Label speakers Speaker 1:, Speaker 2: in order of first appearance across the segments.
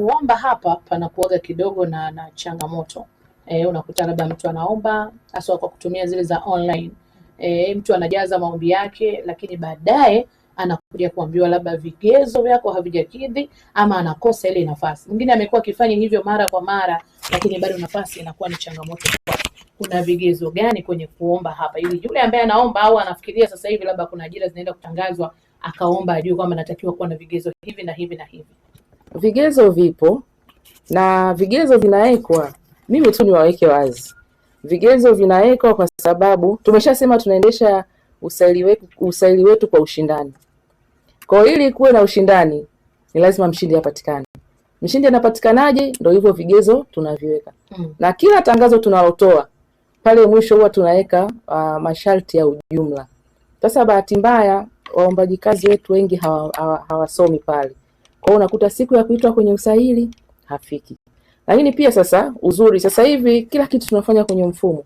Speaker 1: kuomba hapa panakuaga kidogo na, na changamoto e, unakuta labda mtu anaomba hasa kwa kutumia zile za online e, mtu anajaza maombi yake, lakini baadaye anakuja kuambiwa labda vigezo vyako havijakidhi ama anakosa ile nafasi. Mwingine amekuwa akifanya hivyo mara kwa mara, lakini bado nafasi inakuwa ni changamoto. Kuna vigezo gani kwenye kuomba hapa, ili yule ambaye anaomba au anafikiria sasa hivi labda kuna ajira zinaenda kutangazwa, akaomba ajue kwamba anatakiwa kuwa na vigezo hivi na hivi na hivi.
Speaker 2: Vigezo vipo na vigezo vinawekwa, mimi tu niwaweke wazi, vigezo vinawekwa kwa sababu tumeshasema tunaendesha usaili wetu, usaili wetu kwa ushindani. Kwa hiyo ili kuwe na ushindani ni lazima mshindi apatikane. Mshindi anapatikanaje? Ndio hivyo vigezo tunaviweka mm. na kila tangazo tunalotoa pale mwisho huwa tunaweka uh, ah, masharti ya ujumla. Sasa bahati mbaya waombaji kazi wetu wengi hawasomi hawa, hawa pale kwao, unakuta siku ya kuitwa kwenye usaili hafiki. Lakini pia sasa, uzuri sasa hivi kila kitu tunafanya kwenye mfumo,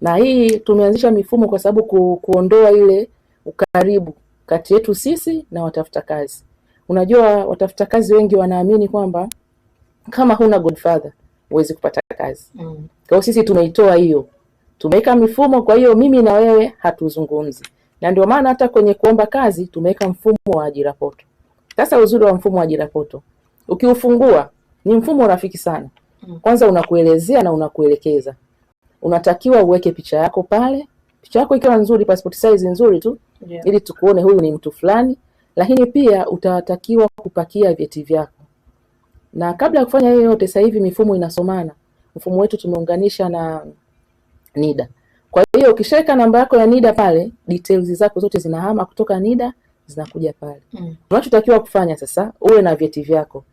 Speaker 2: na hii tumeanzisha mifumo kwa sababu ku, kuondoa ile ukaribu kati yetu sisi na watafuta kazi. Unajua, watafuta kazi wengi wanaamini kwamba kama huna godfather huwezi kupata kazi mm. Kwa hiyo sisi tumeitoa hiyo, tumeweka mifumo. Kwa hiyo mimi na wewe hatuzungumzi, na ndio maana hata kwenye kuomba kazi tumeweka mfumo wa ajira poto. Sasa uzuri wa mfumo wa ajira poto, ukiufungua ni mfumo rafiki sana. Mm. Kwanza unakuelezea na unakuelekeza, unatakiwa uweke picha yako pale, picha yako ikiwa nzuri, passport size nzuri tu yeah, ili tukuone huyu ni mtu fulani. Lakini pia utatakiwa kupakia vyeti vyako, na kabla ya kufanya hiyo yote, sasa hivi mifumo inasomana. Mfumo wetu tumeunganisha na NIDA. Kwa hiyo ukishaweka namba yako ya NIDA pale, details zako zote zinahama kutoka NIDA zinakuja pale. Mm. Unachotakiwa kufanya sasa, uwe na vyeti vyako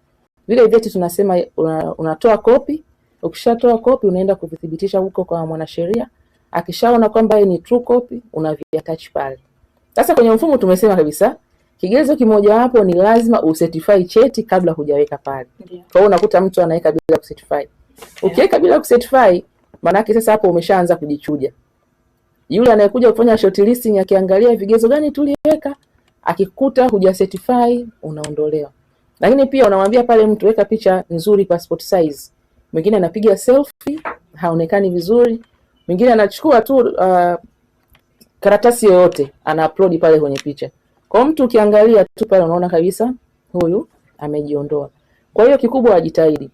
Speaker 2: vile vyeti tunasema una, unatoa kopi. Ukishatoa kopi, unaenda kuvithibitisha huko kwa mwanasheria. Akishaona kwamba ni true copy, unaviattach pale. Sasa kwenye mfumo tumesema kabisa kigezo kimojawapo ni lazima usertify cheti kabla hujaweka pale. Yeah. Kwa hiyo unakuta mtu anaweka bila kusertify. Ukiweka bila kusertify, maana yake sasa hapo umeshaanza kujichuja. Yule anayekuja kufanya shortlisting akiangalia vigezo gani tuliweka, akikuta certify unaondolewa. Lakini pia unamwambia pale mtu weka picha nzuri passport size. Mwingine anapiga selfie haonekani vizuri, mwingine anachukua tu uh, karatasi yoyote ana upload pale kwenye picha. Kwa mtu ukiangalia tu pale unaona kabisa huyu amejiondoa. Kwa hiyo kikubwa ajitahidi.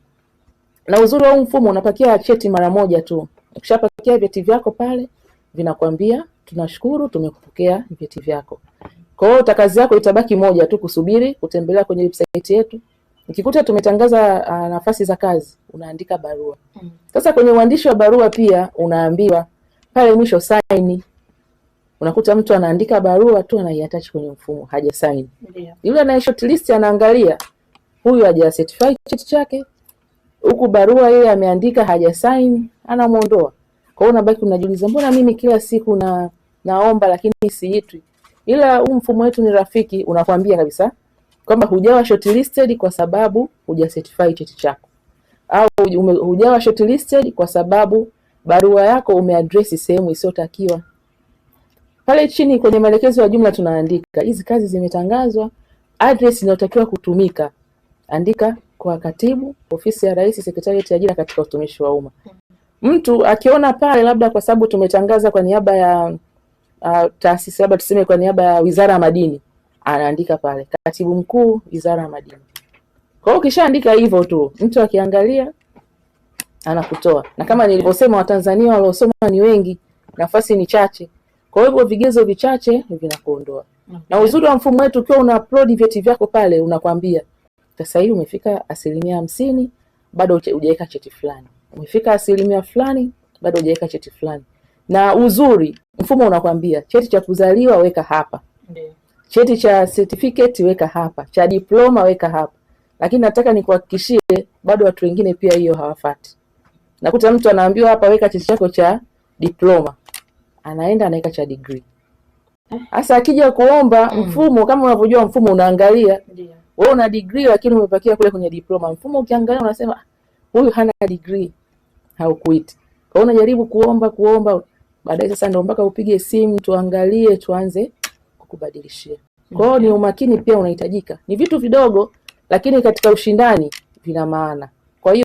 Speaker 2: Na uzuri wa huu mfumo unapakia cheti mara moja tu. Ukishapakia vyeti vyako pale vinakwambia tunashukuru tumekupokea vyeti vyako. Kwa hiyo takazi yako itabaki moja tu, kusubiri kutembelea kwenye website yetu. Nikikuta tumetangaza uh, nafasi za kazi, unaandika barua. Mm. Sasa kwenye uandishi wa barua pia unaambiwa pale mwisho saini. Unakuta mtu anaandika barua tu anaiattach kwenye mfumo, haja saini. Yeah. Yule anaye shortlist anaangalia huyu haja certify cheti chake, huku barua yeye ameandika haja sign, anamuondoa. Kwa hiyo unabaki unajiuliza, mbona mimi kila siku na naomba lakini siitwi? ila huu mfumo wetu ni rafiki, unakwambia kabisa kwamba hujawa shortlisted kwa sababu certify cheti chako, au hujawa shortlisted kwa sababu barua yako umeaddress sehemu isiyotakiwa. Pale chini kwenye maelekezo ya jumla tunaandika hizi kazi zimetangazwa, address inayotakiwa kutumika, andika kwa katibu, ofisi ya Rais, sekretarieti ya ajira katika utumishi wa umma. Hmm. Mtu akiona pale labda kwa sababu tumetangaza kwa niaba ya uh, taasisi labda tuseme kwa niaba ya Wizara ya Madini, anaandika pale katibu mkuu Wizara ya Madini. Kwa hiyo ukishaandika hivyo tu mtu akiangalia anakutoa, na kama nilivyosema, Watanzania waliosoma ni wengi, nafasi ni chache, kwa hivyo vigezo vichache vinakuondoa. Okay. Mm-hmm. Na uzuri wa mfumo wetu ukiwa una upload vyeti vyako pale, unakwambia sasa hivi umefika asilimia hamsini, bado hujaweka cheti fulani, umefika asilimia fulani, bado hujaweka cheti fulani na uzuri mfumo unakwambia cheti cha kuzaliwa weka hapa Ndiyo. cheti cha certificate weka hapa, cha diploma weka hapa, lakini nataka nikuhakikishie bado watu wengine pia hiyo hawafati. Nakuta mtu anaambiwa hapa, weka cheti chako cha diploma, anaenda anaweka cha hasa Sasa akija kuomba mm. mfumo, kama unavyojua mfumo unaangalia wewe una digri lakini umepakia kule kwenye diploma. Mfumo ukiangalia unasema ah, huyu hana digri haukuiti. kwao unajaribu kuomba kuomba baadaye sasa ndio mpaka upige simu tuangalie, tuanze kukubadilishia. Kwa hiyo ni mm-hmm. umakini pia unahitajika, ni vitu vidogo, lakini katika ushindani vina maana. Kwa hiyo